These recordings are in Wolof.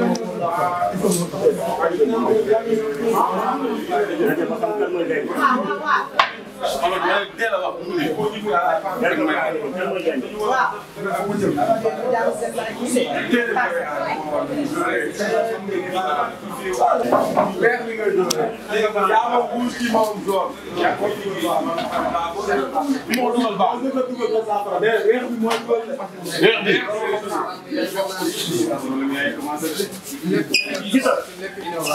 Weex bi mooy gis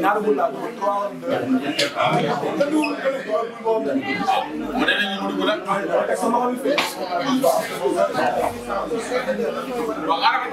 Nada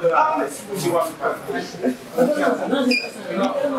am na si